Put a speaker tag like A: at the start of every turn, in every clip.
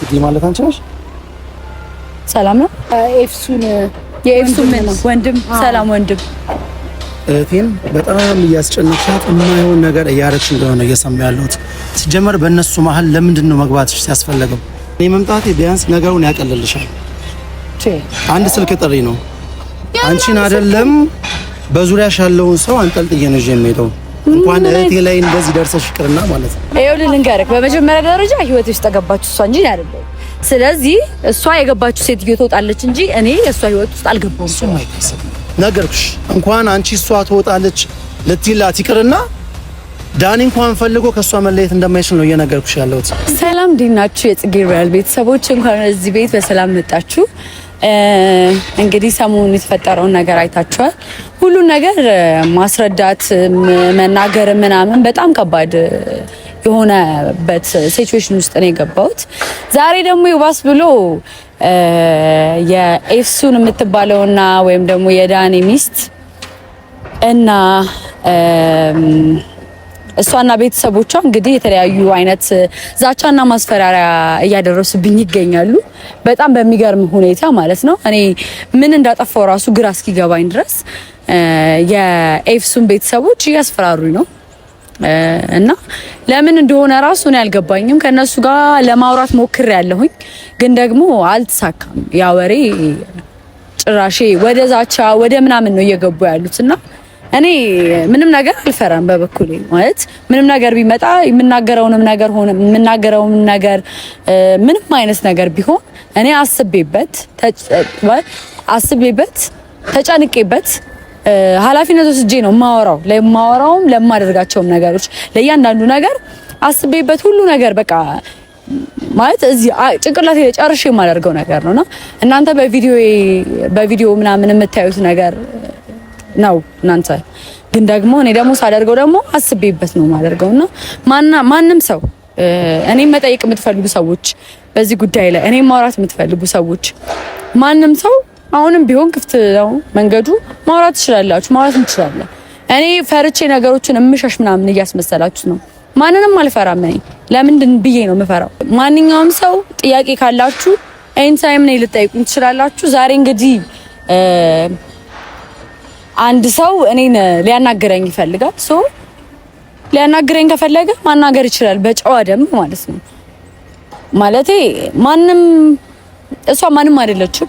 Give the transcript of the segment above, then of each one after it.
A: ስትይ ማለት አንቺ ነሽ።
B: ሰላም ነው ኤፍሱን የኤፍሱን ወንድም ሰላም ወንድም
A: እህቴን በጣም እያስጨነቅሻት የማይሆን ነገር እያረግሽ እንደሆነ እየሰማ ያለሁት። ሲጀመር በእነሱ መሀል ለምንድን ነው መግባትሽ ሲያስፈለገው? እኔ መምጣቴ ቢያንስ ነገሩን ያቀልልሻል። አንድ ስልክ ጥሪ ነው። አንቺን አይደለም በዙሪያሽ ያለውን ሰው አንጠልጥዬ ነው የሚሄደው። እንኳን እህቴ ላይ እንደዚህ ደርሰሽ ይቅርና ማለት ነው።
B: ይኸውልህ ልንገርህ፣ በመጀመሪያ ደረጃ ህይወት ውስጥ ተገባችሁ እሷ እንጂ አይደለም። ስለዚህ እሷ የገባችሁ ሴትዮ ትወጣለች እንጂ እኔ የእሷ ህይወት ውስጥ አልገባሁም። እሱም አይታሰብም።
A: ነገርኩሽ። እንኳን አንቺ እሷ ትወጣለች ልትላት ይቅርና ዳኒ እንኳን ፈልጎ ከእሷ መለየት እንደማይችል ነው እየነገርኩሽ ያለሁት።
B: ሰላም፣ እንዴት ናችሁ የጽጌ ሪያል ቤተሰቦች? እንኳን እዚህ ቤት በሰላም መጣችሁ። እንግዲህ ሰሞኑን የተፈጠረውን ነገር አይታችኋል። ሁሉን ነገር ማስረዳት መናገር ምናምን በጣም ከባድ የሆነበት ሲቹዌሽን ውስጥ ነው የገባሁት። ዛሬ ደግሞ ይባስ ብሎ የኤፍሱን የምትባለውና ወይም ደግሞ የዳኔ ሚስት እና እሷና ቤተሰቦቿ እንግዲህ የተለያዩ አይነት ዛቻና ማስፈራሪያ እያደረሱብኝ ይገኛሉ። በጣም በሚገርም ሁኔታ ማለት ነው። እኔ ምን እንዳጠፋው ራሱ ግራ እስኪገባኝ ድረስ የኤፍሱን ቤተሰቦች እያስፈራሩኝ ነው እና ለምን እንደሆነ ራሱ እኔ አልገባኝም። ከነሱ ጋር ለማውራት ሞክሬ ያለሁኝ ግን ደግሞ አልተሳካም። ያ ወሬ ጭራሼ ወደ ዛቻ ወደ ምናምን ነው እየገቡ ያሉትና እኔ ምንም ነገር አልፈራም በበኩሌ ማለት ምንም ነገር ቢመጣ የምናገረውንም ነገር ሆነ የምናገረውም ነገር ምንም አይነት ነገር ቢሆን እኔ አስቤበት አስቤበት ተጨንቄበት ኃላፊነት ወስጄ ነው የማወራው። ለማወራውም ለማደርጋቸውም ነገሮች ለእያንዳንዱ ነገር አስቤበት ሁሉ ነገር በቃ ማለት እዚህ ጭንቅላት የጨርሽ የማደርገው ነገር ነውና እናንተ በቪዲዮ በቪዲዮ ምናምን የምታዩት ነገር ነው እናንተ ግን ደግሞ እኔ ደግሞ ሳደርገው ደግሞ አስቤበት ነው ማደርገው እና ማንም ሰው እኔ መጠየቅ የምትፈልጉ ሰዎች በዚህ ጉዳይ ላይ እኔ ማውራት የምትፈልጉ ሰዎች ማንም ሰው አሁንም ቢሆን ክፍት ነው መንገዱ፣ ማውራት ትችላላችሁ፣ ማውራት እንችላለን። እኔ ፈርቼ ነገሮችን እምሸሽ ምናምን እያስመሰላችሁ ነው። ማንንም አልፈራም። እኔ ለምንድን ብዬ ነው የምፈራው? ማንኛውም ሰው ጥያቄ ካላችሁ ኤኒታይም እኔ ልጠይቁኝ ትችላላችሁ። ዛሬ እንግዲህ አንድ ሰው እኔን ሊያናግረኝ ይፈልጋል። ሶ ሊያናግረኝ ከፈለገ ማናገር ይችላል፣ በጨዋ ደንብ ማለት ነው። ማለቴ ማንም እሷ ማንም አይደለችም።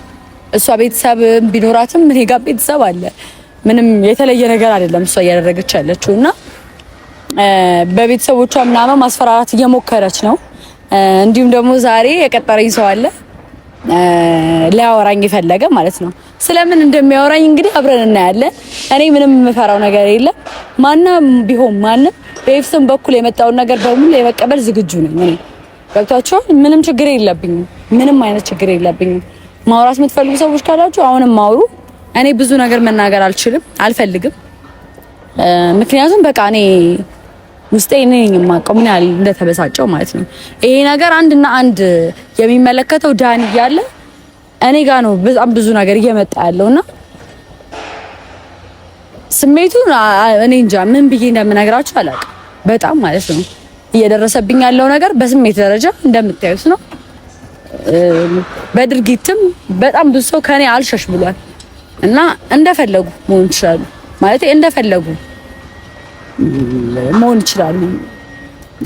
B: እሷ ቤተሰብ ቢኖራትም እኔ ጋር ቤተሰብ አለ። ምንም የተለየ ነገር አይደለም እሷ እያደረገች ያለችው እና በቤተሰቦቿ ምናምን ማስፈራራት እየሞከረች ነው። እንዲሁም ደግሞ ዛሬ የቀጠረኝ ሰው አለ ሊያወራኝ የፈለገ ማለት ነው ስለምን እንደሚያወራኝ እንግዲህ አብረን እናያለን። እኔ ምንም የምፈራው ነገር የለም። ማንም ቢሆን ማንም በኤፍሰን በኩል የመጣውን ነገር በሙሉ የመቀበል ዝግጁ ነኝ። እኔ ገብቷችኋል። ምንም ችግር የለብኝም። ምንም አይነት ችግር የለብኝም። ማውራት የምትፈልጉ ሰዎች ካላችሁ አሁንም ማውሩ እኔ ብዙ ነገር መናገር አልችልም፣ አልፈልግም። ምክንያቱም በቃ እኔ ውስጤ እኔ ነኝ የማውቀው ምን ያህል እንደተበሳጨው ማለት ነው። ይሄ ነገር አንድና አንድ የሚመለከተው ዳን እያለ እኔ ጋ ነው በጣም ብዙ ነገር እየመጣ ያለውና ስሜቱን እኔ እንጃ ምን ብዬ እንደምነግራችሁ አላውቅም። በጣም ማለት ነው እየደረሰብኝ ያለው ነገር በስሜት ደረጃ እንደምታዩት ነው። በድርጊትም በጣም ብዙ ሰው ከኔ አልሸሽ ብሏል እና እንደፈለጉ መሆን ይችላሉ ማለት እንደፈለጉ መሆን ይችላሉ።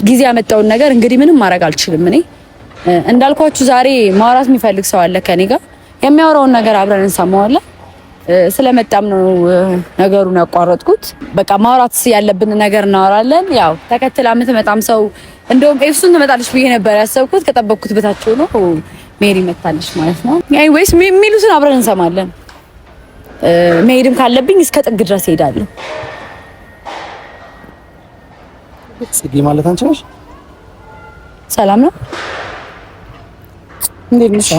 B: ጊዜ ያመጣውን ነገር እንግዲህ ምንም ማድረግ አልችልም እኔ እንዳልኳችሁ ዛሬ ማውራት የሚፈልግ ሰው አለ ከኔ ጋር የሚያወራውን ነገር አብረን እንሰማዋለን። ስለመጣም ነው ነገሩን ያቋረጥኩት። በቃ ማውራት ያለብን ነገር እናወራለን። ያው ተከትላ የምትመጣም ሰው እንደውም ኤፍሱን ትመጣለች ብዬ ነበር ያሰብኩት። ከጠበቅኩት በታቸው ነው ሜሪ መታለች ማለት ነው። ኤኒዌይስ የሚሉትን አብረን እንሰማለን። መሄድም ካለብኝ እስከ ጥግ ድረስ እሄዳለሁ።
A: ጽጌ ማለት አንቺ ነሽ።
B: ሰላም ነው እንዴት ነሽ?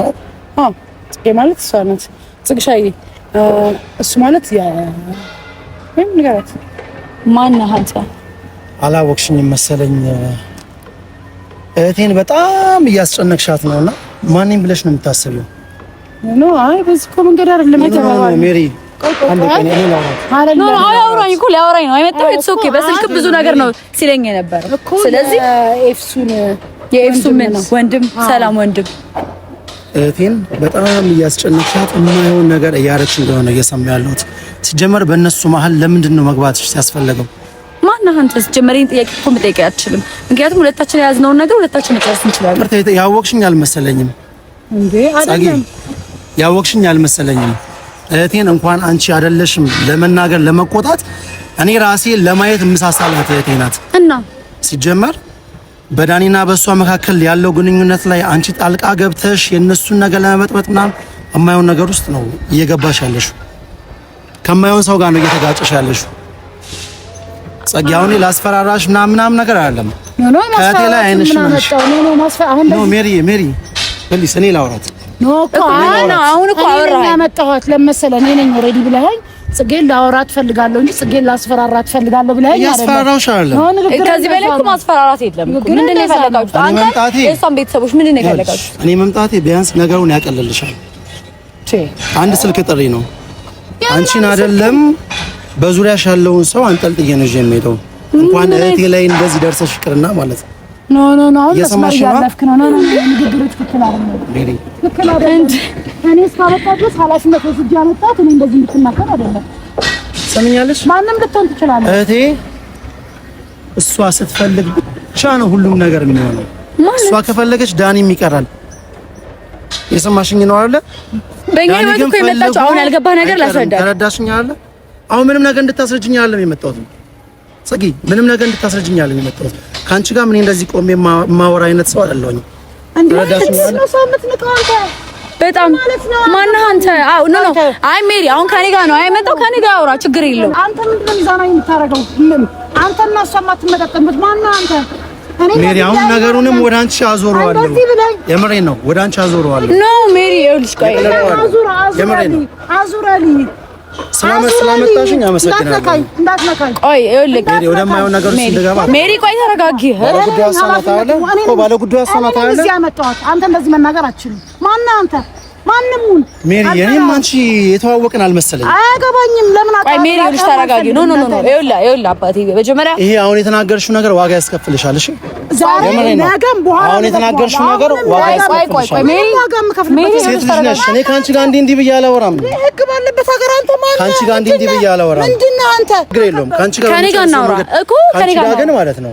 B: አዎ ጽጌ ማለት እሷ ናት። ጽግሻዬ እሱ ማለት ያ ምን ንገራት። ማነህ አንተ?
A: አላወቅሽኝም መሰለኝ። እህቴን በጣም እያስጨነቅሻት ነውና ማንንም ብለሽ ነው የምታስቢው?
B: ኖ አይ በዚህ እኮ መንገድ አይደለም
A: የተባለው ሜሪ
B: አውራኝ እኮ ሊያወራኝ ነው አይመጣም። የተሶኬ በስልክም ብዙ ነገር ነው ሲለኝ የነበረው። ስለዚህ የኤፍሱን ወንድም ሰላም ወንድም
A: እህቴን በጣም እያስጨነቅሻት የማይሆን ነገር እያረች እንደሆነ እየሰማ ያለሁት። ሲጀመር በእነሱ መሀል ለምንድን ነው መግባት ሲያስፈለገው?
B: ማነህ አንተ? ሲጀመር ይህን ጥያቄ እኮ መጠየቅ አትችልም። ምክንያቱም ሁለታችን የያዝነውን ነገር ሁለታችን መጨረስ
A: እንችላለን። ያወቅሽኝ አልመሰለኝም። ያወቅሽኝ አልመሰለኝም። እህቴን እንኳን አንቺ አይደለሽም ለመናገር ለመቆጣት፣ እኔ ራሴ ለማየት የምሳሳላት እህቴ ናት እና ሲጀመር በዳኒና በእሷ መካከል ያለው ግንኙነት ላይ አንቺ ጣልቃ ገብተሽ የእነሱን ነገር ለመበጥበጥና የማይሆን ነገር ውስጥ ነው እየገባሽ ያለሽ። ከማይሆን ሰው ጋር ነው እየተጋጨሽ ያለሽ። ጸጊ አሁን ላስፈራራሽ ምናምን ምናምን ነገር አይደለም።
B: ከቴ ላይ አይነሽ ነው
A: ሜሪ ሜሪ ፕሊስ እኔ ላውራት
B: ነው እኮ አሁን እኮ አወራ ያመጣኋት ለመሰለ እኔ ነኝ ኦልሬዲ ብለኸኝ ጽጌን ላወራት ፈልጋለሁ እንጂ ጽጌን ላስፈራራት ፈልጋለሁ ብለህ
A: ያስፈራራሽ አለ።
B: ከዚህ በላይ እኮ ማስፈራራት የለም። ምንድን ነው የፈለጋችሁት? አንተ የእሷን ቤተሰቦች ምንድን ነው የፈለጋችሁት?
A: እኔ መምጣቴ ቢያንስ ነገሩን ያቀልልሻል። አንድ ስልክ ጥሪ ነው። አንቺን አይደለም በዙሪያሽ ያለውን ሰው አንጠልጥዬ ነው የሚሄደው። እንኳን እህቴ ላይ እንደዚህ ደርሰሽ ይቅርና ማለት ነው
B: ኖ ኖ ኖ አሁን መስመር እያለፍክ ነው። ኖ ኖ ንግግሮች ትክክል አይደለም። ትክክል አይደለም። እኔ እስካመጣት ድረስ ኃላፊነት ወስጄ አመጣት። እኔ እንደዚህ እንድትናገር አይደለም።
A: ትሰምኛለሽ?
B: ማንም ልትሆን ትችላለህ
A: እህቴ። እሷ ስትፈልግ ብቻ ነው ሁሉም ነገር የሚሆነው። እሷ ከፈለገች ዳኒም ይቀራል። የሰማሽኝ ነው አይደለ?
B: በእኛ ህይወት እኮ የመጣችው አሁን ያልገባህ ነገር ላስረዳ።
A: ተረዳሽኝ አይደለ? አሁን ምንም ነገር እንድታስረጅኝ አይደለም የመጣሁት ጽጌ፣ ምንም ነገር እንድታስረጅኝ አይደለም የመጣሁት ከአንቺ ጋር ምን እንደዚህ ቆሜ ማወራ አይነት ሰው አይደለሁኝ።
B: በጣም ማነህ አንተ? አው ኖ ኖ፣ አይ ሜሪ፣ አሁን ከኔ ጋር ነው አይ አይመጣው፣ ከኔ ጋር አውራ፣ ችግር የለው። አንተ ምንድን ነው ሚዛናዊ የምታደርገው? አንተ እና እሷ የማትመጣጠምበት ማነህ አንተ?
A: ሜሪ አሁን ነገሩንም ወደ አንቺ አዞረዋለሁ። የምሬ ነው፣ ወደ አንቺ አዞረዋለሁ።
B: ኖ ሜሪ፣ ይኸውልሽ ቆይ፣ አዙራ አዙራ አዙራ
A: ስላመጣሽኝ አመሰግናለሁ።
B: ቆይ ነገር
A: ውስጥ እንደገባ
B: ሜሪ፣ ቆይ ተረጋጊ።
A: ባለጉዳዩ አሰናታ ያለ
B: አንተ እንደዚህ መናገር አችልም። ማነህ አንተ? ማንም ሁን
A: ሜሪ፣ እኔም አንቺ የተዋወቅን አልመሰለኝም።
B: አያገባኝም። ለምን አቃ ሜሪ፣ ልጅ ተረጋጊ። ኖ ኖ ኖ፣ ይኸውልህ ይኸውልህ አባቴ፣ መጀመሪያ
A: ይሄ አሁን የተናገርሽው ነገር ዋጋ ያስከፍልሻል። እሺ፣ ዛሬ ነገም በኋላ አሁን የተናገርሽው ነገር ዋጋ ያስከፍልሻል። ሜሪ፣ ዋጋ የምከፍልበት ሴት ልጅ ነሽ። እኔ ካንቺ ጋር እንዲህ እንዲህ ብዬሽ አላወራም።
B: ህግ ባለበት ሀገር አንተ ማለት
A: ካንቺ ጋር እንዲህ እንዲህ ብዬሽ አላወራም።
B: ምንድን ነህ አንተ?
A: ግሬሎም ካንቺ ጋር
B: ከእኔ ጋር እናወራ እኮ ከእኔ
A: ጋር ግን ማለት ነው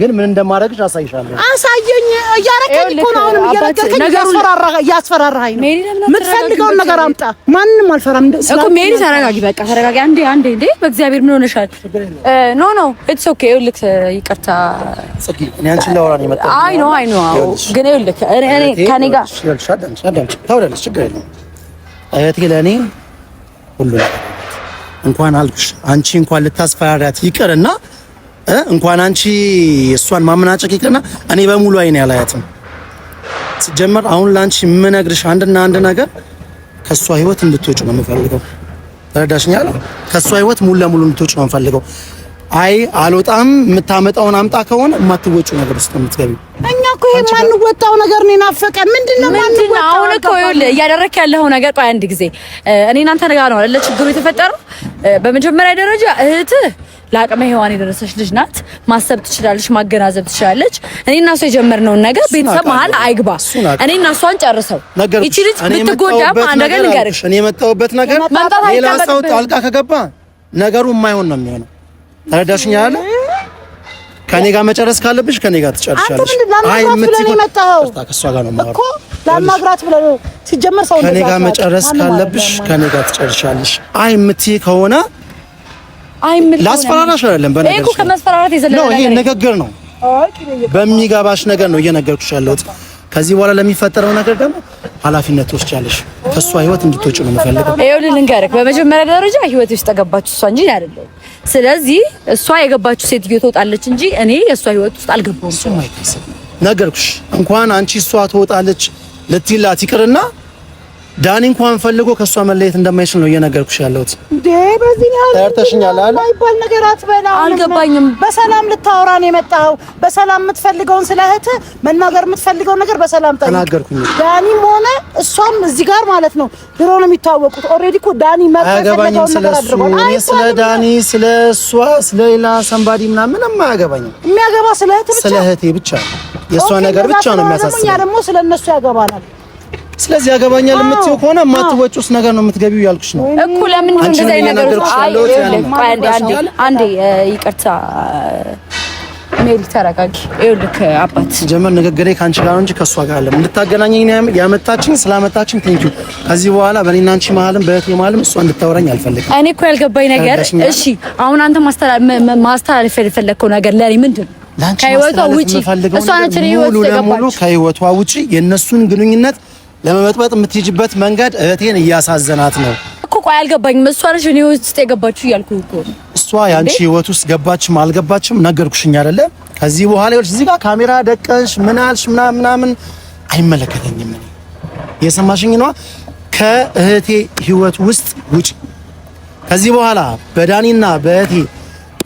A: ግን ምን እንደማደርግሽ አሳይሻለሁ።
B: አሳየኝ። እያረከኝ እኮ ነው። አሁንም እያረከኝ እያስፈራራኸኝ ነው። የምትፈልገውን ነገር አምጣ። ማንንም አልፈራም እኮ ሜሪ። ተረጋጊ፣ በቃ ተረጋጊ። አንዴ አንዴ። እንዴ በእግዚአብሔር ምን ሆነሻል? ኖ ኖ ኢትስ ኦኬ። ይኸውልህ፣ ይቅርታ
A: ጽጌ፣ እኔ አንቺን ላወራ ነው የመጣሁት።
B: አይ ኖ አይ ኖ። ግን ይኸውልህ፣ እኔ ከኔ ጋር
A: አዳምጪ፣ አዳምጪ። ታውላለች፣ ችግር የለውም። እህቴ ለእኔ ሁሉ ነገር እንኳን አልኩሽ። አንቺ እንኳን ልታስፈራሪያት ይቅርና እንኳን አንቺ እሷን ማመናጨቅ ይቅርና እኔ በሙሉ አይኔ አላያትም። ሲጀመር አሁን ለአንቺ የምነግርሽ አንድና አንድ ነገር ከእሷ ህይወት እንድትወጭ ነው የምፈልገው። ተረዳሽኛል? ከእሷ ህይወት ሙሉ ለሙሉ እንድትወጭ ነው የምፈልገው። አይ አልወጣም። የምታመጣውን አምጣ ከሆነ የማትወጪ ነገር ውስጥ የምትገቢ
B: እኛ እኮ ይሄ የማንወጣው ነገር ነው ናፈቀ። ምንድነው ማንወጣው? አሁን እኮ ይኸውልህ እያደረክ ያለው ነገር ቆይ፣ አንድ ጊዜ እኔ እናንተ ነገር ነው አይደለ ችግሩ የተፈጠረው። በመጀመሪያ ደረጃ እህትህ ለአቅመ ሔዋን የደረሰች ልጅ ናት። ማሰብ ትችላለች፣ ማገናዘብ ትችላለች። እኔ እና እሷ የጀመርነውን ነገር ቤተሰብ መሀል አይግባ። እኔ እና እሷን ጨርሰው ይቺ ልጅ ብትጎዳም አንድ ነገር ልንገርሽ፣
A: እኔ የመጣሁበት ነገር ሌላ ሰው ጣልቃ ከገባ ነገሩ የማይሆን ነው የሚሆነው። ተረዳሽኝ አለ ከኔ ጋር መጨረስ ካለብሽ ከኔ ጋር ትጨርሻለሽ።
B: አይ ምትይ መጣው ከሷ ጋር ነው ማለት እኮ ለማግራት ብለ ሲጀመር ሰው
A: ከኔ ጋር መጨረስ ካለብሽ ከኔ ጋር ትጨርሻለሽ። አይ ምትይ ከሆነ ላስፈራራሽ አይደለም።
B: በነገር እኮ ከመስፈራራት የዘለለ
A: ነው። ይሄ ንግግር ነው። በሚገባሽ ነገር ነው እየነገርኩሽ ያለሁት። ከዚህ በኋላ ለሚፈጠረው ነገር ደግሞ ኃላፊነት ትወስጃለሽ። ከእሷ ህይወት እንድትወጪ ነው የምፈልገው።
B: ይኸውልህ ልንገርህ፣ በመጀመሪያ ደረጃ ህይወት ውስጥ ተገባችሁ እሷ እንጂ አይደለም። ስለዚህ እሷ የገባችው ሴትዮ ትወጣለች እንጂ እኔ የእሷ ህይወት ውስጥ አልገባሁም።
A: ነገርኩሽ። እንኳን አንቺ እሷ ትወጣለች ልትላት ይቅርና ዳኒ እንኳን ፈልጎ ከእሷ መለየት እንደማይችል ነው እየነገርኩሽ ያለሁት።
B: እንዴ በዚህ ያህል
A: ተርተሽኛል አለ
B: ባይባል ነገር አትበላ። አልገባኝም። በሰላም ልታወራ ነው የመጣው። በሰላም የምትፈልገውን ስለ እህት መናገር የምትፈልገው ነገር በሰላም
A: ጠይቅ። ተናገርኩኝ።
B: ዳኒም ሆነ እሷም እዚህ ጋር ማለት ነው ድሮ ነው የሚታወቁት። ኦልሬዲ እኮ ዳኒ
A: መጥቶ የፈለገውን ነገር አድርጓል። አይ ስለ ዳኒ፣ ስለ እሷ፣ ስለ ሌላ ሰንባዲ ምናምን አያገባኝም።
B: የሚያገባ ስለ እህት
A: ብቻ ስለ እህቴ ብቻ የእሷ ነገር ብቻ ነው የሚያሳስበው።
B: እኛ ደግሞ ስለ እነሱ ያገባናል።
A: ስለዚህ ያገባኛል የምትይው ከሆነ የማትወጪ ውስጥ ነገር ነው የምትገቢው ያልኩሽ
B: ነው እኮ። ለምን
A: ነው እንደዛ ነገሮች?
B: አንዴ ይቅርታ ሜሪ ተረጋጊ። ይኸውልህ አባት
A: ጀመር ንግግሬ ከአንቺ ጋር እንጂ ከእሷ ጋር አለም እንድታገናኘኝ ያመጣችኝ ስላመጣችኝ ቴንኪው። ከዚህ በኋላ በእኔና አንቺ መሀልም በእህቴ መሀልም እሷ እንድታወራኝ አልፈልግም።
B: እኔ እኮ ያልገባኝ ነገር እሺ፣ አሁን አንተ ማስተላለፍ የፈለግከው ነገር ለእኔ ምንድን ነው?
A: ከህይወቷ ውጪ እሷ ነች። ከህይወቷ ውጪ የእነሱን ግንኙነት ለመመጥመጥ የምትሄጅበት መንገድ እህቴን እያሳዘናት ነው
B: እኮ። ቆይ አልገባኝም። እሷ ነሽ እኔ ውስጥ የገባችሁ እያልኩ እኮ
A: እሷ ያንቺ ህይወት ውስጥ ገባችም አልገባችም ነገርኩሽኝ አይደለ? ከዚህ በኋላ ይኸውልሽ፣ እዚህ ጋር ካሜራ ደቀንሽ ምናልሽ ምናምን አይመለከተኝም። የሰማሽኝ ነዋ። ከእህቴ ህይወት ውስጥ ውጪ። ከዚህ በኋላ በዳኒና በእህቴ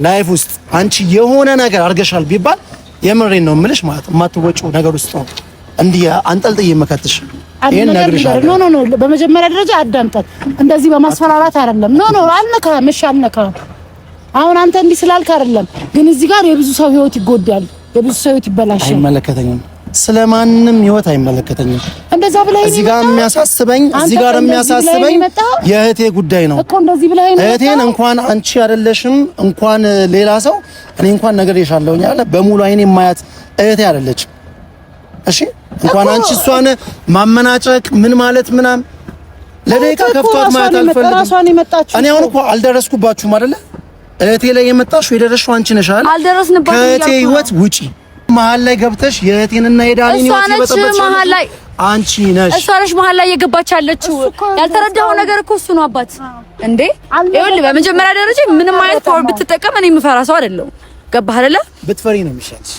A: ላይፍ ውስጥ አንቺ የሆነ ነገር አድርገሻል ቢባል የምሬን ነው የምልሽ ማለት የማትወጪው ነገር ውስጥ ነው እንዲህ አንጠልጥዬ መከትሽ
B: በመጀመሪያ ደረጃ አዳምጠን፣ እንደዚህ በማስፈራራት አይደለም። ኖ ኖ፣ አልነካህም። እሺ፣ አልነካህም። አሁን አንተ እንዲህ ስላልክ አይደለም፣ ግን እዚህ ጋር የብዙ ሰው ህይወት ይጎዳል፣ የብዙ ሰው ህይወት ይበላሻል።
A: አይመለከተኝም፣ ስለማንም ህይወት አይመለከተኝም። እንደዛ ብለህ እዚህ ጋር የሚያሳስበኝ እዚህ ጋር የሚያሳስበኝ የእህቴ ጉዳይ ነው
B: እኮ። እንደዚህ ብለህ
A: እህቴን እንኳን አንቺ አይደለሽም እንኳን ሌላ ሰው እኔ እንኳን ነገር ይሻለውኛል። በሙሉ አይኔ የማያት እህቴ አይደለችም እሺ እንኳን አንቺ እሷን ማመናጨቅ ምን ማለት ምናም ለደቂቃ ከፍቷት ማለት
B: አልፈልግም።
A: እኔ አሁን እኮ አልደረስኩባችሁም አይደለ? እህቴ ላይ የመጣሽው የደረስሽው አንቺ ነሽ
B: አይደል? አልደረስንባችሁም።
A: ከእህቴ ህይወት ውጪ መሀል ላይ ገብተሽ የእህቴንና የዳኒን ህይወት የበጠበጥሽ አንቺ ነሽ።
B: እሷ ነሽ መሀል ላይ የገባች ያለችው። ያልተረዳኸው ነገር እኮ እሱ ነው። አባት እንዴ ይኸውልህ፣ በመጀመሪያ ደረጃ ምንም አይነት ፓወር ብትጠቀም እኔ የምፈራ ሰው አይደለሁም። ገባህ አይደለ?
A: ብትፈሪ ነው የሚሻልሽ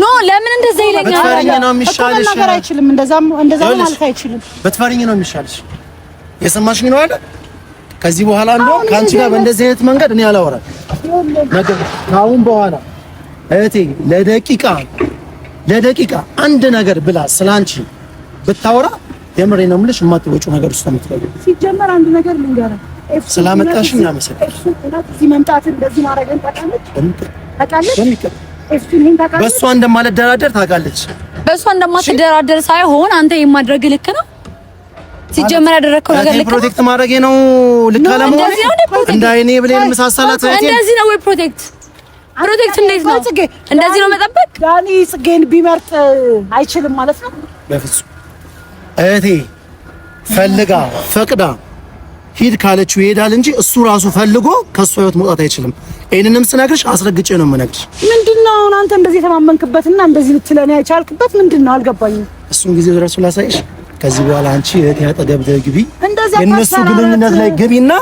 B: ኖ ለምን እንደዛ ይለኛል?
A: ብትፈሪኝ ነው የሚሻልሽ።
B: ነገር አይችልም፣ እንደዛም እንደዛ
A: ማለት አይችልም። ብትፈሪኝ ነው የሚሻልሽ። የሰማሽኝ ነው አይደል? ከዚህ በኋላ እንደው ከአንቺ ጋር በእንደዚህ አይነት መንገድ እኔ አላወራም። ነገር ከአሁን በኋላ እህቴ ለደቂቃ ለደቂቃ አንድ ነገር ብላ ስላንቺ ብታወራ የምሬ ነው የምልሽ የማትወጪው ነገር ውስጥ የምትገቢው።
B: ሲጀመር አንድ ነገር ልንገርህ
A: ስላመጣሽኝ አመሰግናለሁ።
B: እዚህ መምጣት እንደዚህ ማድረግን ታውቃለች ታውቃለች
A: በእሷ እንደማልደራደር ታውቃለች።
B: በእሷ እንደማትደራደር ሳይሆን አንተ የማድረግ ልክ ነው ሲጀመር ያደረግከው
A: ነገር ልክ ፕሮቴክት ማድረጌ ነው። ልክ አለመሆኔ እንደ አይኔ ብሌን መሳሳላት
B: እንደዚህ ነው ወይ ፕሮቴክት ፕሮቴክት እንዴት ነው ጽጌ? እንደዚህ ነው መጠበቅ። ዳኒ ጽጌን ቢመርጥ አይችልም ማለት ነው።
A: በፍጹም እህቴ ፈልጋ ፈቅዳ ሂድ ካለችው ይሄዳል እንጂ እሱ ራሱ ፈልጎ ከእሱ ህይወት መውጣት አይችልም። ይህንንም ስነግርሽ አስረግጬ ነው የምነግርሽ።
B: ምንድነው አሁን አንተ እንደዚህ የተማመንክበትና እንደዚህ ልትለኝ አይቻልክበት ምንድነው? ነው? አልገባኝም።
A: እሱን ጊዜ ድረሱ ላሳይሽ። ከዚህ በኋላ አንቺ እህት ያጠገብ ግቢ፣ የእነሱ ግንኙነት ላይ ግቢና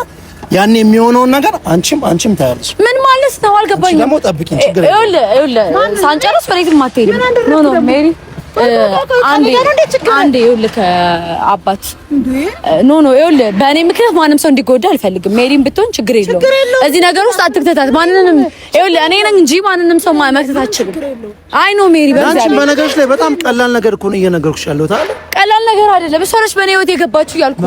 A: ያን የሚሆነውን ነገር አንቺም አንቺም ታያለሽ።
B: ምን ማለት ነው? አልገባኝም።
A: ደግሞ ጠብቂኝ፣ ችግር የለም።
B: ይኸውልህ፣ ይኸውልህ፣ ሳንጨርስ ወዴትም አትሄድም። ኖ ኖ ሜሪ አንዴ ይኸውልህ አባት ኖ ኖ ይኸውልህ በእኔ ምክንያት ማንም ሰው እንዲጎዳ አልፈልግም። ሜሪም ብትሆን ችግር የለውም። እዚህ ነገር ውስጥ አትክተታት። ማንንም ይኸውልህ እኔ ነኝ እንጂ ማንንም ሰው መክተት አትችልም። አይ ኖ ሜሪ፣
A: በጣም ቀላል ነገር እኮ ነው እየነገርኩሽ ያለሁት አይደል
B: ቀላል ምናምን ነገር አይደለም። እሷ ነች በእኔ ህይወት የገባችሁ እያልኩ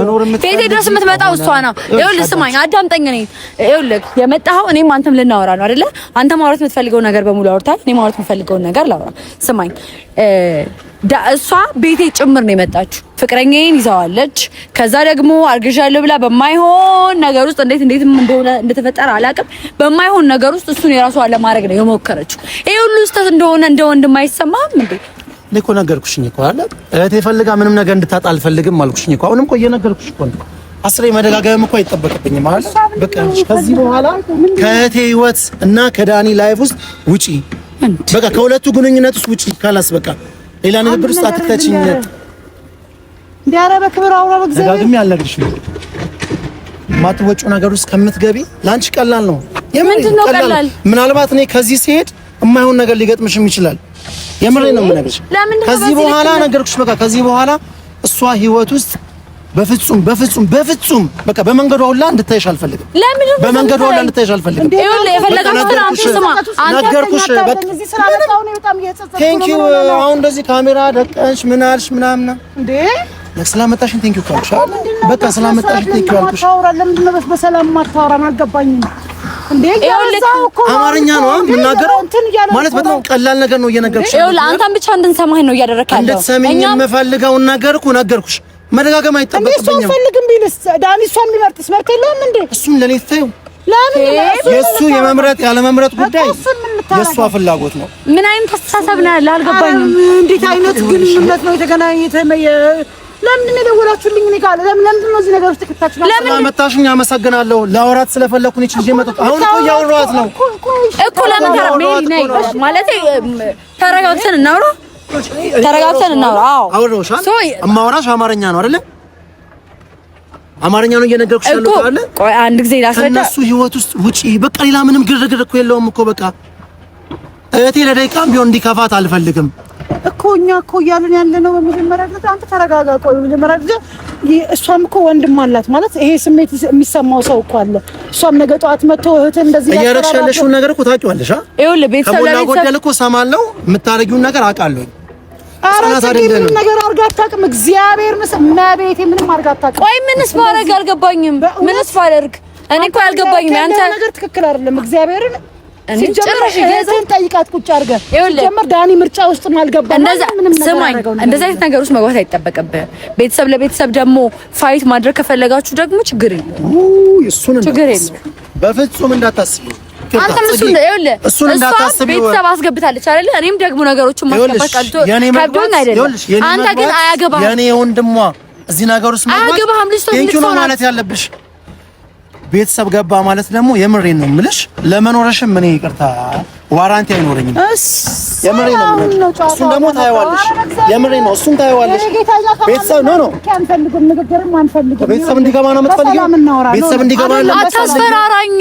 B: ቤቴ ድረስ የምትመጣው እሷ ነው። ይኸውልህ ስማኝ፣ አዳምጠኝ። እኔ ይኸውልህ የመጣኸው እኔም አንተም ልናወራ ነው አይደለ? አንተ ማውራት የምትፈልገው ነገር በሙሉ አውርታል። እኔ ማውራት የምፈልገውን ነገር ላውራ። ስማኝ እሷ ቤቴ ጭምር ነው የመጣችሁ። ፍቅረኛዬን ይዘዋለች። ከዛ ደግሞ አርግዣለሁ ብላ በማይሆን ነገር ውስጥ እንዴት እንዴት እንደሆነ እንደተፈጠረ አላውቅም። በማይሆን ነገር ውስጥ እሱን የራሷ ለማድረግ ነው የሞከረችው። ይሄ ሁሉ ስህተት እንደሆነ እንደ ወንድም አይሰማም እንዴ?
A: እኔ እኮ ነገርኩሽኝ እኮ አለ እህቴ ፈልጋ ምንም ነገር እንድታጣ አልፈልግም አልኩሽኝ እኮ። አሁንም እኮ እየነገርኩሽ እኮ ነው። አስሬ መደጋገም እኮ አይጠበቅብኝም አለ። በቃ ከዚህ በኋላ ከእህቴ ህይወት እና ከዳኒ ላይፍ ውስጥ ውጪ፣ በቃ ከሁለቱ ግንኙነት ውስጥ ውጪ። ካላስ በቃ ሌላ ንግግር ውስጥ አትከቺኝ።
B: እንዲያረ በክብር አውራ በእግዚአብሔር
A: ደጋግሜ አልነግርሽም። ማትወጪው ነገር ውስጥ ከምትገቢ ላንቺ ቀላል ነው። ምንድን ነው ቀላል? ምናልባት እኔ ከዚህ ሲሄድ የማይሆን ነገር ሊገጥምሽም ይችላል የምሬ ነው የምነግርሽ። ከዚህ በኋላ ነገርኩሽ፣ በቃ ከዚህ በኋላ እሷ ህይወት ውስጥ በፍጹም በፍጹም በፍጹም በቃ በመንገዷ ሁላ እንድታይሽ አልፈልግም። በመንገዷ ሁላ እንድታይሽ አልፈልግም።
B: ነገርኩሽ በቃ
A: ቴንኪው። አሁን እንደዚህ ካሜራ ደቀንሽ ምን አልሽ ምናምን እንዴ ስላመጣሽን ቴንኪው ካልኩሽ በቃ ስላመጣሽን ቴንኪው አልኩሽ።
B: ለምንድን ነው በሰላም ማታወራን? አልገባኝም።
A: አማርኛ ነው የምናገረው ማለት በጣም ቀላል ነገር ነው እየነገርኩሽ።
B: አንተን ብቻ እንድንሰማህ ነው እያደረክ
A: ያለው። እንድትሰሚኝ የምፈልገውን ነገር እኮ ነገርኩሽ። መደጋገም
B: አይጠበቅብኝም። ፈልግም ቢልስ ዳኒ እሷን የሚመርጥስ መርጥ የለውም እንዴ?
A: እሱም ለእኔ ተይው የእሱ የመምረጥ ያለመምረጥ ጉዳይ የእሷ ፍላጎት ነው።
B: ምን አይነት አስተሳሰብ ነው ያለ? አልገባኝም። እንዴት አይነት ግንኙነት ነው የተገናኘ ለምንድን የደወላችሁልኝ? እኔ ጋር ለምንድን ነው እዚህ ነገር ውስጥ ከታችሁ
A: ከተታችሁ? ለምን መጣሽኝ? አመሰግናለሁ። ላወራት ስለፈለኩኝ እቺ ልጅ መጣች። አሁን እኮ እያወራኋት ነው
B: እኮ። ለምን ተራ ሜሪ ነይ ማለቴ ተረጋግተን እናውራ፣ ተረጋግተን እናውራ። አዎ
A: አውሮሻል። እማወራሽ አማርኛ ነው አይደለ? አማርኛ ነው እየነገርኩሽ
B: ያለው አይደለ? ቆይ አንድ ጊዜ ላስረዳ።
A: ከእነሱ ህይወት ውስጥ ውጪ። በቃ ሌላ ምንም ግርግር እኮ የለውም እኮ በቃ እህቴ ለደቂቃም ቢሆን እንዲከፋት አልፈልግም።
B: እኮ እኛ እኮ እያለን ያለ ነው። በመጀመሪያ ደረጃ አንተ ተረጋጋ። ቆይ በመጀመሪያ ደረጃ እሷም እኮ ወንድም አላት ማለት ይሄ ስሜት የሚሰማው ሰው እኮ አለ። እሷም ነገ ጠዋት መጥቶ እህት እንደዚህ
A: እያደረግሽ ያለሽውን ነገር እኮ ታውቂዋለሽ። ይኸውልህ ቤተሰብ ከሞላ ጎደል እኮ እሰማለሁ፣ የምታረጊውን ነገር አውቃለሁ።
B: ምንም ነገር አድርጋ አታውቅም። እግዚአብሔር ምስ መቤቴ ምንም አድርጋ አታውቅም። ቆይ ምንስ ባደርግ አልገባኝም። ምንስ ባደርግ እኔ እኮ አልገባኝም። አንተ ነገር ትክክል አይደለም። እግዚአብሔርን ሲጀመርሽ ጠይቃት ቁጭ አድርገህ ሲጀመር ዳኒ ምርጫ ውስጥ ማልገባ እንደዛ አይነት ነገር ውስጥ መግባት አይጠበቅብህም። ቤተሰብ ለቤተሰብ ደግሞ ፋይት ማድረግ ከፈለጋችሁ ደግሞ ችግር
A: በፍጹም እንዳታስቢ
B: ቤተሰብ አስገብታለች አይደል? እኔም ደግሞ ነገሮችን
A: ማስገባት ከብዶኝ
B: አይደለም። አንተ ግን አያገባህም።
A: የኔ ወንድሟ እዚህ ነገር ውስጥ ማለት ያለብሽ ቤተሰብ ገባ ማለት ደግሞ የምሬን ነው ምልሽ ለመኖረሽም እኔ ይቅርታ ዋራንቲ አይኖረኝም።
B: የምሬ ነው።
A: እሱን ደግሞ ታየዋለሽ። የምሬ ነው። እሱን ታየዋለሽ። ቤተሰብ ነው ነው
B: ቤተሰብ እንዲገባ ነው የምትፈልጊው?
A: ቤተሰብ እንዲገባ
B: አታስፈራራኝ።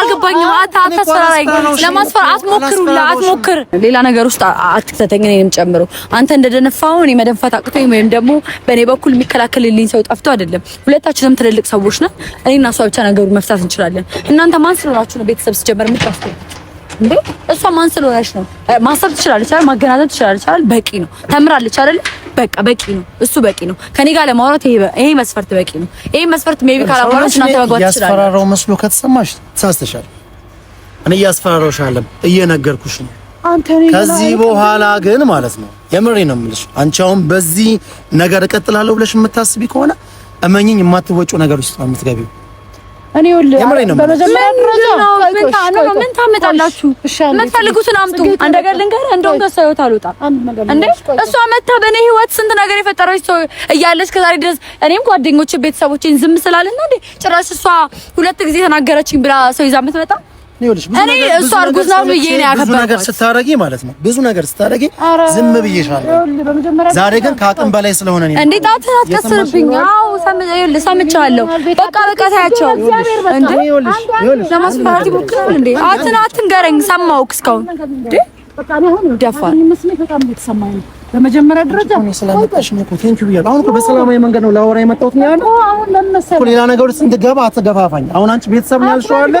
B: አልገባኝም። አታስፈራራኝ። ለማስፈራ አትሞክር፣ አትሞክር። ሌላ ነገር ውስጥ አትክተተኝ። እኔንም ጨምሮ አንተ እንደደነፋው እኔ መደንፋት አቅቶኝ ወይም ደግሞ በእኔ በኩል የሚከላከልልኝ ሰው ጠፍቶ አይደለም። ሁለታችንም ትልልቅ ሰዎች ነን። እኔና እሷ ብቻ ነገሩን መፍታት እንችላለን። እናንተ ማን ስለሆናችሁ ነው ቤተሰብ ሲጀመር የምትጠፍቱ? እንዴ እሷ ማን ስለሆነች ነው? ማሰብ ትችላለች አይደል? ማገናዘብ ትችላለች አይደል? በቂ ነው። ተምራለች አይደል? በቃ በቂ ነው። እሱ በቂ ነው። ከኔ ጋር ለማውራት ይሄ መስፈርት በቂ ነው። ይሄ መስፈርት ሜቢ
A: ካላወራሽ እናንተ መግባት ትችላለች። ያስፈራራው መስሎ ከተሰማሽ ተሳስተሻል። እኔ እያስፈራራሁሻለሁ፣ እየነገርኩሽ ነው። ከዚህ በኋላ ግን ማለት ነው የምሬ ነው የምልሽ። አንቺ አሁን በዚህ ነገር እቀጥላለሁ ብለሽ የምታስቢ ከሆነ እመኝኝ የማትወጪው ነገር ውስጥ ነው የምትገቢው። እኔ በመጀመሪያ
B: ህይወት መታ በእኔ ህይወት ስንት ነገር የፈጠረች ሰው እያለች ከዛሬ ድረስ እኔም ጓደኞች፣ ቤተሰቦችን ዝም ስላልና እንዴ ጭራሽ እሷ ሁለት ጊዜ ተናገረችኝ ብላ ሰው ይዛ የምትመጣ
A: ብዙ ነገር ስታረጊ ማለት ነው፣ ብዙ ነገር ስታረጊ ዝም ብዬሻለሁ። ዛሬ ግን ከአቅም በላይ ስለሆነ
B: ነው። አትከስርብኝ። አዎ ሰምቻለሁ። በቃ በቃ ታያቸው እንዴ ለማስፈራራት ይሞክራል እንዴ? አትን አትንገረኝ። ሰማሁህ እስካሁን በመጀመሪያ ደረጃ
A: እኔ ስለመጣሽ ነው እኮ ቴንኪው ብያለሁ። አሁን እኮ በሰላማዊ መንገድ ነው ላወራ የመጣሁት ነው ያለው እኮ ሌላ ነገር ውስጥ እንድገባ አትገፋፋኝ። አሁን አንቺ ቤተሰብ ነው ያልሽው አለ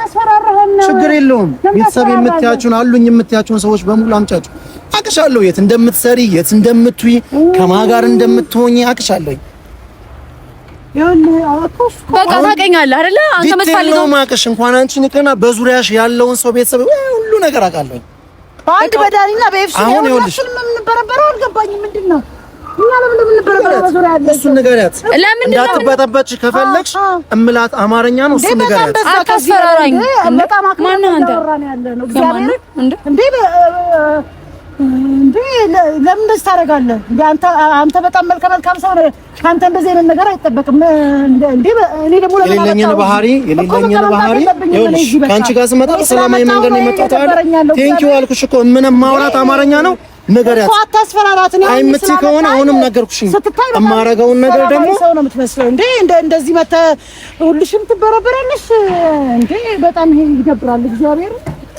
A: ችግር የለውም ቤተሰብ የምትያችሁን አሉኝ የምትያችሁን ሰዎች በሙሉ አምጫችሁ አቅሻለሁ። የት እንደምትሰሪ የት እንደምትይ ከማን ጋር እንደምትሆኚ አቅሻለሁ።
B: በቃ ታውቀኛለህ አይደለ?
A: አንተ የምትፈልገው ማቀሽ እንኳን አንቺን ይቅርና በዙሪያሽ ያለውን ሰው ቤተሰብ ሁሉ ነገር አውቃለሁ።
B: በአንድ በዳኒና በኤፍሲ ነው የምንበረበረው። አልገባኝም። ምንድን ነው
A: እንዳትበጠበጭ ከፈለግሽ እምላት አማርኛ ነው። እሱን ንገሪያት።
B: አታስፈራራኝ። ማነህ አንተ? ለምን እንደዚህ ታደርጋለህ? አንተ በጣም መልከ መልካም ሰው ነህ። ከአንተ እንደዚህ አይነት ነገር አይጠበቅም። እኔ ደግሞ የሌለኝን ባህሪ የሌለኝን ባህሪ ከአንቺ ጋር ስመጣ በሰላማዊ መንገድ ነው የመጣሁት አይደል? ቴንኪው አልኩሽ እኮ ምንም ማውራት አማርኛ ነው ነገር ያት አታስፈራራት። እኔ አይ የምትይ ከሆነ አሁንም ነገርኩሽ። የማረገውን ነገር ደግሞ ሰው ነው የምትመስለው እንዴ! እንደ እንደዚህ መተህ ሁልሽም ትበረበራለሽ እንዴ! በጣም ይገብራል። እግዚአብሔር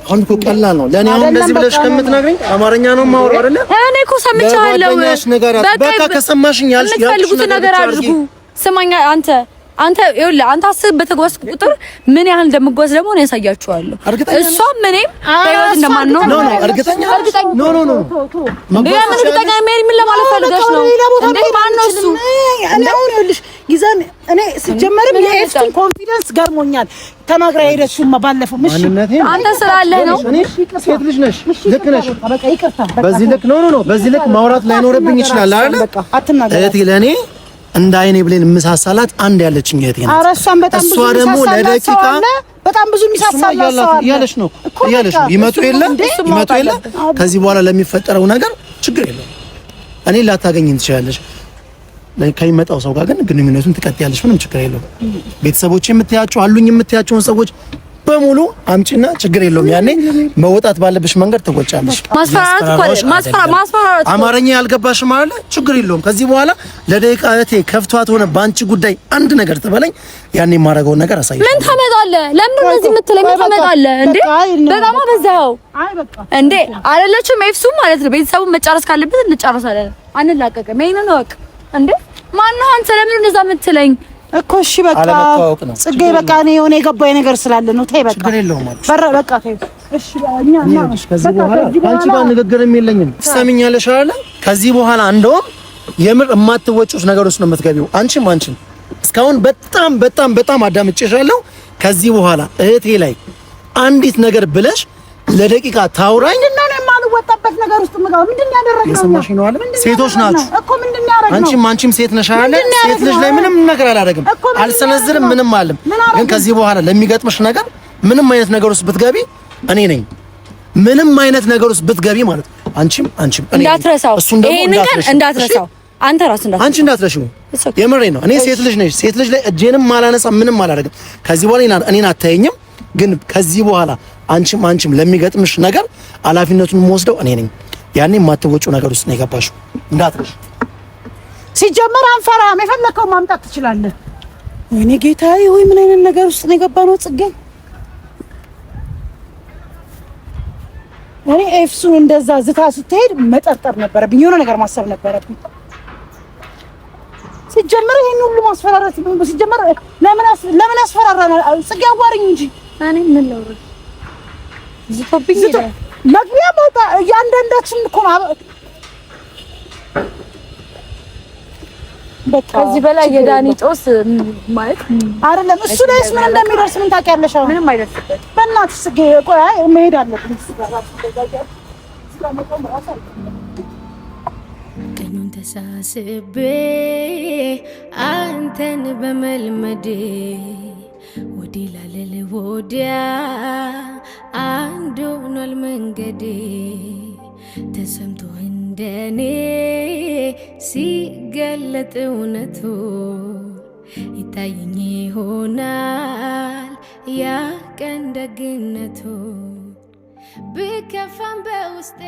B: አሁን እኮ ቀላል ነው ለኔ። አሁን እንደዚህ ብለሽ ከምትነግሪኝ አማርኛ ነው የማወራው አይደለ? እኔ እኮ ሰምቻለሁ። በቃ ከሰማሽኝ ያልሽ ያልሽ ነገር አድርጉ። ስማኛ አንተ አንተ ይኸውልህ አንተ አስብ በተጓዝኩ ቁጥር ምን ያህል እንደምጓዝ ደግሞ ነው ያሳያችኋለሁ። እሷም እኔም በህይወት እንደማን ነው ኖ ኖ ኖ ምን ምን ነው እንዴ? ማን ነው እሱ? እኔ እኔ ሲጀመርም ኮንፊደንስ ገርሞኛል። ተናግራ ሄደችማ ባለፈው። እሺ አንተ ስላለህ ነው። ሴት ልጅ ነሽ፣ ልክ ነሽ። በዚህ ልክ ኖ ኖ ኖ በዚህ ልክ ማውራት ላይኖርብኝ ይችላል አይደል? እህቴ ለእኔ እንደ አይኔ ብሌን የምሳሳላት አንድ ያለችኝ እህቴ ናት። እሷ ደግሞ ለደቂቃ በጣም ብዙ እያለች ነው እያለች ነው ይመጡ የለ ይመጡ የለ ከዚህ በኋላ ለሚፈጠረው ነገር ችግር የለም እኔ ላታገኝ ትችላለች። ከሚመጣው ሰው ጋር ግን ግንኙነቱን ትቀጥያለች። ምንም ችግር የለውም። ቤተሰቦች የምትያቸው አሉኝ የምትያቸውን ሰዎች በሙሉ አምጪና ችግር የለውም ያኔ መወጣት ባለብሽ መንገድ ትወጫለሽ። ማስፈራራት አማርኛ ያልገባሽም አለ ችግር የለውም። ከዚህ በኋላ ለደቂቃ እህቴ ከፍቷት ሆነ በአንቺ ጉዳይ አንድ ነገር ትበለኝ፣ ያኔ የማደርገውን ነገር አሳይ። ምን ታመጣለህ? ለምን እንደዚህ የምትለኝ ምን ታመጣለህ እንዴ? በጣም አበዛኸው እንዴ። አይደለችም ኤፍሱ ማለት ነው። ቤተሰቡን መጨረስ ካለበት እንጨርሳለን። አንላቀቅም። ይሄንን ወቅ እንዴ ማነው አንተ? ለምን እንደዛ የምትለኝ እኮ እሺ፣ በቃ ጽጌ፣ በቃ እኔ የሆነ የገባኝ ነገር ስላለ ነው። ተይ በቃ በረ በቃ ተይ። እሺ፣ እኛ እና ከዚህ በኋላ አንቺ ጋር ንግግርም የለኝም። ትሰሚኛለሽ አይደለ? ከዚህ በኋላ እንደውም የምር የማትወጪው ነገር ውስጥ ነው የምትገቢው። አንቺም አንቺም እስካሁን በጣም በጣም በጣም አዳምጬሻለሁ። ከዚህ በኋላ እህቴ ላይ አንዲት ነገር ብለሽ ለደቂቃ ታውራኝና አይነት ነገር ውስጥ ምጋው ምንድን ያደረግነው አለ። ሴቶች ናችሁ እኮ ምንድን ያደረግነው? አንቺም አንቺም ሴት ነሽ አለ። ሴት ልጅ ላይ ምንም ነገር አላደረግም፣ አልሰነዝርም፣ ምንም አለም። ግን ከዚህ በኋላ ለሚገጥምሽ ነገር ምንም አይነት ነገር ውስጥ ብትገቢ እኔ ነኝ። ምንም አይነት ነገር ውስጥ ብትገቢ ማለት አንቺም አንቺም እኔ እንዳትረሳው፣ ይሄንን ቀን እንዳትረሳው አንተ ራስ እንዳትረሳው፣ አንቺ እንዳትረሺው። የምሬ ነው። እኔ ሴት ልጅ ነሽ። ሴት ልጅ ላይ እጄንም አላነሳ፣ ምንም አላደረግም። ከዚህ በኋላ እኔን አታየኝም። ግን ከዚህ በኋላ አንቺም አንቺም ለሚገጥምሽ ነገር ኃላፊነቱን የምወስደው እኔ ነኝ። ያኔ የማትወጩ ነገር ውስጥ ነው የገባሽው። እንዳትረሽ። ሲጀመር አንፈራም፣ የፈለከው ማምጣት ትችላለህ። ወይኔ ጌታዬ ሆይ ምን አይነት ነገር ውስጥ ነው ነው ጽጌ እኔ ኤፍሱን እንደዛ ዝታ ስትሄድ መጠርጠር ነበረብኝ፣ የሆነ ነገር ማሰብ ነበረብኝ። ሲጀመር ይሄን ሁሉ ማስፈራራት ሲጀመር ለምን ለምን አስፈራራናል? ጽጌ አዋሪኝ እንጂ ዝቶብኝ መግቢያ መውጣ እያንዳንዳችን እኮ ከዚህ በላይ የዳኒ ጦስ ማለት አይደለም። እሱ ላይስ ምን እንደሚደርስ ምን ታውቂያለሽ? ምንም አይደርስበት። በእናትሽ ጽጌ ቆይ፣ አይ መሄድ አለብን። ቀኙን ተሳስቤ አንተን በመልመዴ ወዲያ አንድ ሆኗል መንገዴ ተሰምቶ እንደኔ ሲገለጥ እውነቱ ይታየኝ ይሆናል ያ ቀን ደግነቱ ብከፋም በውስጤ